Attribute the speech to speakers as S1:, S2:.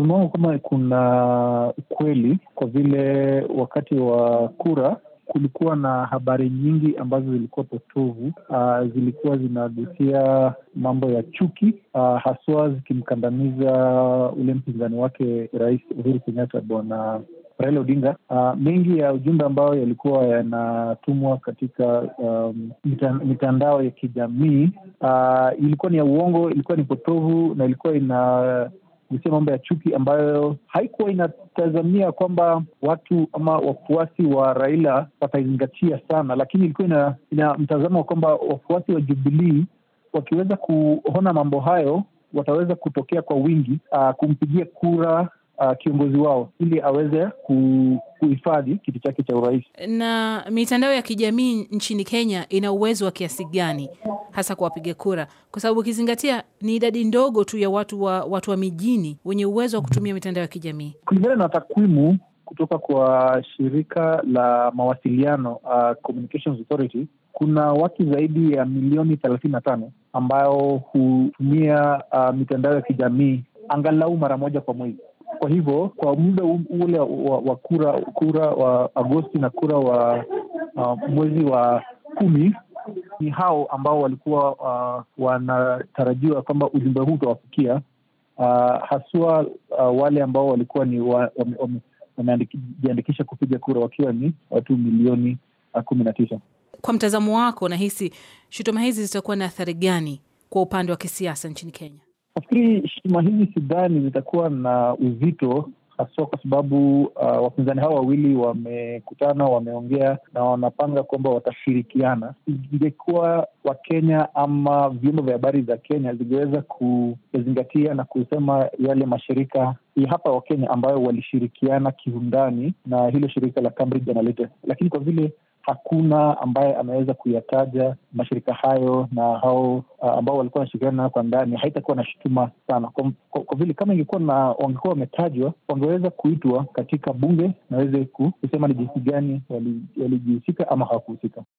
S1: Umeona kama kuna ukweli kwa vile wakati wa kura kulikuwa na habari nyingi ambazo zilikuwa potovu. Uh, zilikuwa zinagusia mambo ya chuki uh, haswa zikimkandamiza ule mpinzani wake Rais Uhuru Kenyatta, Bwana Raila Odinga. Uh, mengi ya ujumbe ambayo yalikuwa yanatumwa katika um, mitandao ya kijamii uh, ilikuwa ni ya uongo, ilikuwa ni potovu na ilikuwa ina kupitia mambo ya chuki ambayo haikuwa inatazamia kwamba watu ama wafuasi wa Raila wataizingatia sana, lakini ilikuwa ina, ina mtazamo kwamba wafuasi wa Jubilii wakiweza kuona mambo hayo wataweza kutokea kwa wingi, uh, kumpigia kura uh, kiongozi wao ili aweze kuhifadhi kiti chake cha urais.
S2: Na mitandao ya kijamii nchini Kenya ina uwezo wa kiasi gani hasa kwa wapiga kura? Kwa sababu ukizingatia ni idadi ndogo tu ya watu wa watu wa mijini wenye uwezo wa kutumia mitandao ya kijamii.
S1: Kulingana na takwimu kutoka kwa shirika la mawasiliano uh, Communications Authority, kuna watu zaidi ya milioni thelathini na tano ambao hutumia uh, mitandao ya kijamii angalau mara moja kwa mwezi. Kwa hivyo kwa muda ule wa, wa kura kura wa Agosti na kura wa uh, mwezi wa kumi ni hao ambao walikuwa uh, wanatarajiwa kwamba ujumbe huu utawafikia uh, haswa uh, wale ambao walikuwa ni wamejiandikisha kupiga kura wakiwa ni watu milioni uh, kumi na tisa.
S2: Kwa mtazamo wako, nahisi shutuma hizi zitakuwa na athari gani kwa upande wa kisiasa nchini Kenya?
S1: Nafikiri shutuma hizi sidhani zitakuwa na uzito haswa kwa sababu uh, wapinzani hao wawili wamekutana, wameongea na wanapanga kwamba watashirikiana. Ingekuwa Wakenya ama vyombo vya habari za Kenya zingeweza kuzingatia na kusema yale mashirika ya hapa Wakenya ambayo walishirikiana kiundani na hilo shirika la Cambridge Analytica, lakini kwa vile hakuna ambaye ameweza kuyataja mashirika hayo na hao ah, ambao walikuwa wanashirikiana nayo kwa ndani, haitakuwa na shutuma sana kwa, kwa, kwa vile kama ingekuwa na wangekuwa wametajwa wangeweza kuitwa katika bunge naweze kusema ni jinsi gani walijihusika wali ama hawakuhusika.